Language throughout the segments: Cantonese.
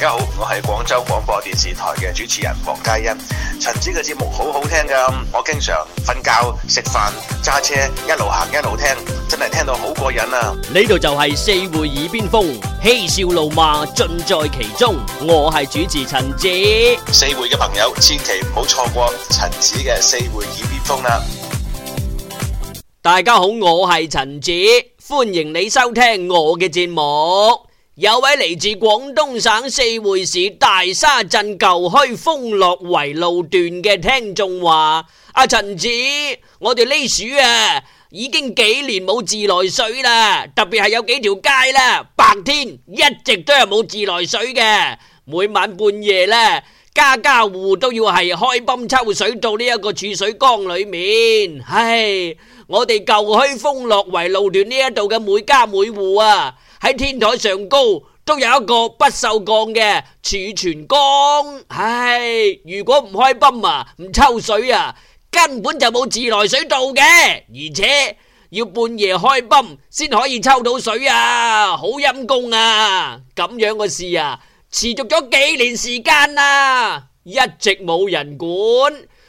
大家好，我係廣州廣播電視台嘅主持人黃佳欣，陳子嘅節目好好聽噶，我經常瞓覺、食飯、揸車，一路行一路聽，真係聽到好過癮啊！呢度就係四會耳邊風，嬉笑怒罵盡在其中。我係主持陳子，四會嘅朋友千祈唔好錯過陳子嘅四會耳邊風啦！大家好，我係陳子，歡迎你收聽我嘅節目。有位嚟自廣東省四會市大沙鎮舊墟豐樂圍路段嘅聽眾話：「阿、啊、陳子，我哋呢鼠啊，已經幾年冇自來水啦，特別係有幾條街啦，白天一直都係冇自來水嘅，每晚半夜咧，家家戶戶都要係開泵抽水到呢一個儲水缸裏面。唉，我哋舊墟豐樂圍路段呢一度嘅每家每戶啊！喺天台上高都有一個不鏽鋼嘅儲存缸，唉，如果唔開泵啊，唔抽水啊，根本就冇自來水做嘅，而且要半夜開泵先可以抽到水啊，好陰功啊！咁樣嘅事啊，持續咗幾年時間啦，啊，一直冇人管，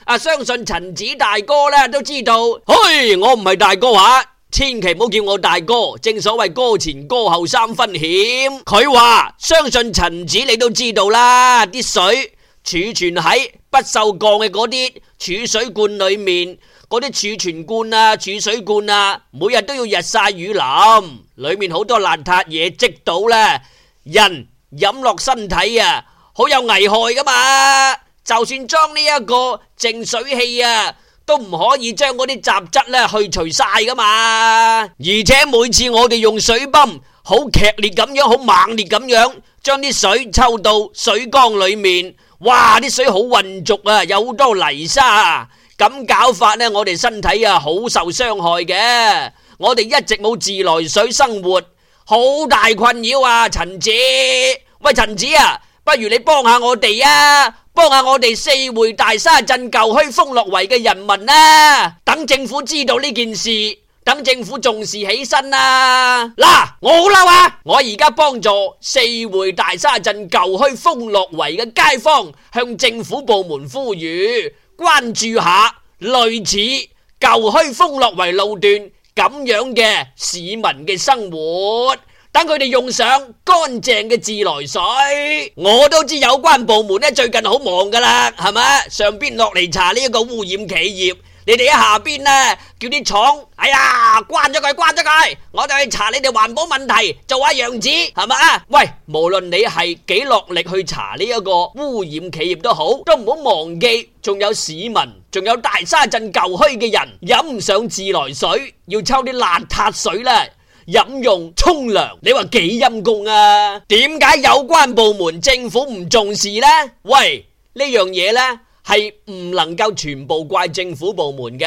啊，相信陳子大哥咧都知道，嘿，我唔係大哥啊。千祈唔好叫我大哥，正所謂哥前哥後三分險。佢話相信陳子你都知道啦，啲水儲存喺不鏽鋼嘅嗰啲儲水罐裏面，嗰啲儲存罐啊，儲水罐啊，每日都要日曬雨淋，裏面好多邋遢嘢積到啦，人飲落身體啊好有危害噶嘛。就算裝呢一個淨水器啊。都唔可以將嗰啲雜質咧去除晒噶嘛，而且每次我哋用水泵好劇烈咁樣，好猛烈咁樣將啲水抽到水缸裏面，哇！啲水好渾濁啊，有好多泥沙啊，咁搞法咧，我哋身體啊好受傷害嘅。我哋一直冇自來水生活，好大困擾啊！陳子，喂，陳子啊，不如你幫下我哋啊！幫下我哋四會大沙鎮舊墟豐樂圍嘅人民啦，啊！等政府知道呢件事，等政府重視起身啦，啊！嗱，我好嬲啊！我而家幫助四會大沙鎮舊墟豐樂圍嘅街坊向政府部門呼籲，關注下類似舊墟豐樂圍路段咁樣嘅市民嘅生活。等佢哋用上乾淨嘅自來水，我都知有關部門咧最近好忙噶啦，係咪？上邊落嚟查呢一個污染企業，你哋喺下邊啊，叫啲廠，哎呀，關咗佢，關咗佢，我哋去查你哋環保問題，做下樣子，係嘛啊？喂，無論你係幾落力去查呢一個污染企業都好，都唔好忘記，仲有市民，仲有大沙鎮舊墟嘅人飲唔上自來水，要抽啲邋遢水咧。飲用、沖涼，你話幾陰公啊？點解有關部門政府唔重視呢？喂，呢樣嘢呢，係唔能夠全部怪政府部門嘅，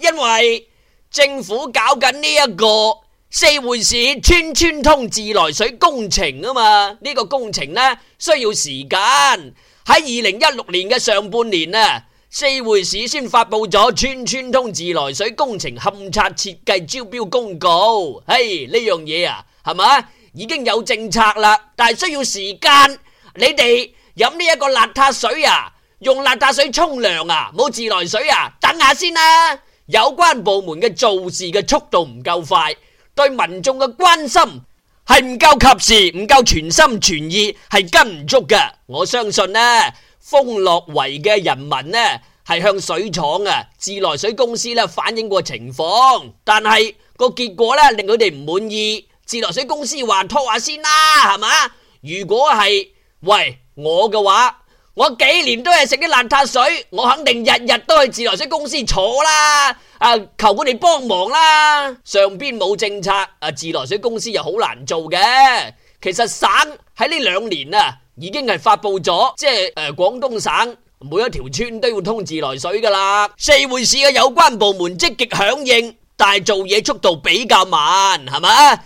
因為政府搞緊呢一個四會市村村通自來水工程啊嘛。呢、呢個工程呢，需要時間喺二零一六年嘅上半年啊。四會市先發佈咗村村通自來水工程勘測設計招標公告，嘿，呢樣嘢啊，係咪已經有政策啦？但係需要時間，你哋飲呢一個邋遢水啊，用邋遢水沖涼啊，冇自來水啊，等下先啦，啊。有關部門嘅做事嘅速度唔夠快，對民眾嘅關心係唔夠及時，唔夠全心全意，係跟唔足嘅。我相信呢，啊。豐樂圍嘅人民呢，係向水廠啊、自來水公司呢反映過情況，但係個結果呢令佢哋唔滿意。自來水公司話拖下先啦，係嘛？如果係喂我嘅話，我幾年都係食啲邋遢水，我肯定日日都去自來水公司坐啦。啊，求佢哋幫忙啦！上邊冇政策，啊自來水公司又好難做嘅。其實省喺呢兩年啊。已經係發布咗，即係誒，廣東省每一條村都要通自來水噶啦。四會市嘅有關部門積極響應，但係做嘢速度比較慢，係咪？誒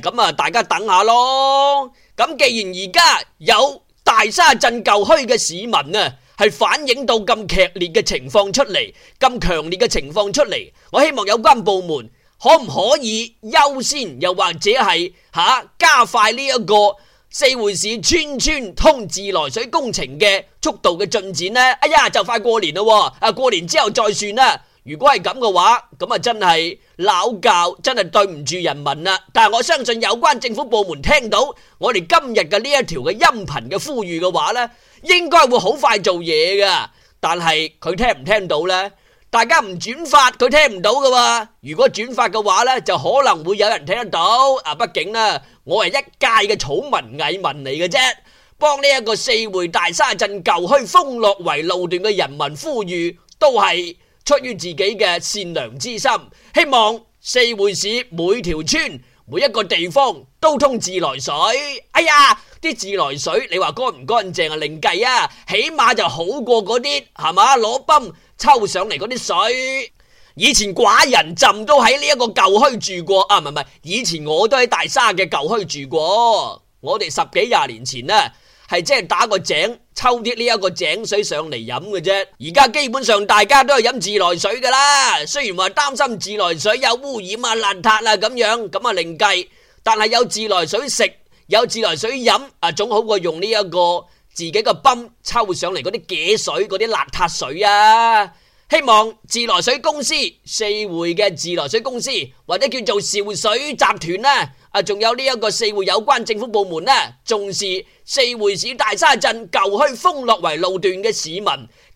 咁啊，大家等下咯。咁既然而家有大沙鎮舊區嘅市民啊，係反映到咁劇烈嘅情況出嚟，咁強烈嘅情況出嚟，我希望有關部門可唔可以優先，又或者係吓加快呢一個？四會市村村通自來水工程嘅速度嘅進展呢，哎呀，就快過年喇喎，過年之後再算啦。如果係咁嘅話，咁真係，鬧教真係對唔住人民啦。但我相信有關政府部門聽到，我哋今日嘅呢一條嘅音頻嘅呼籲嘅話呢，應該會好快做嘢㗎。但係，佢聽唔聽到呢？大家唔轉發佢聽唔到噶，如果轉發嘅話呢，就可能會有人聽得到。啊，畢竟呢，我係一介嘅草民、蟻民嚟嘅啫，幫呢一個四會大沙鎮舊墟封路圍路段嘅人民呼籲，都係出於自己嘅善良之心。希望四會市每條村、每一個地方都通自來水。哎呀，啲自來水你話乾唔乾淨啊？另計啊，起碼就好過嗰啲係嘛攞泵。抽上嚟嗰啲水，以前寡人朕都喺呢一個舊墟住過啊，唔係唔係，以前我都喺大沙嘅舊墟住過。我哋十幾廿年前呢，係即係打個井，抽啲呢一個井水上嚟飲嘅啫。而家基本上大家都係飲自來水噶啦，雖然話擔心自來水有污染啊、邋遢啊咁樣，咁啊另計，但係有自來水食，有自來水飲啊，總好過用呢一個。自己個泵抽上嚟嗰啲嘅水，嗰啲邋遢水啊！希望自來水公司四會嘅自來水公司，或者叫做肇水集團呢，啊，仲有呢一個四會有關政府部門呢、啊，重視四會市大沙鎮舊墟封落圍路段嘅市民。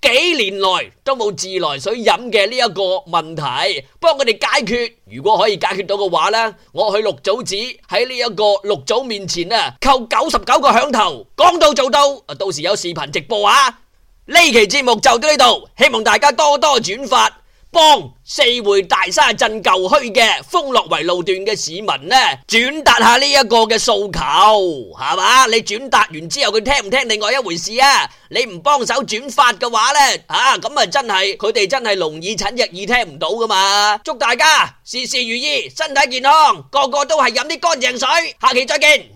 幾年來都冇自來水飲嘅呢一個問題，幫佢哋解決。如果可以解決到嘅話呢，我去六祖寺，喺呢一個六祖面前啊，叩九十九個響頭。講到做到，到時有視頻直播啊。呢期節目就到呢度，希望大家多多轉發。幫四會大沙鎮舊墟嘅豐樂圍路段嘅市民呢，轉達下呢一個嘅訴求，係嘛？你轉達完之後佢聽唔聽，另外一回事啊！你唔幫手轉發嘅話呢？啊，咁啊真係佢哋真係聾耳蠢日耳聽唔到噶嘛！祝大家事事如意，身體健康，個個都係飲啲乾淨水。下期再見。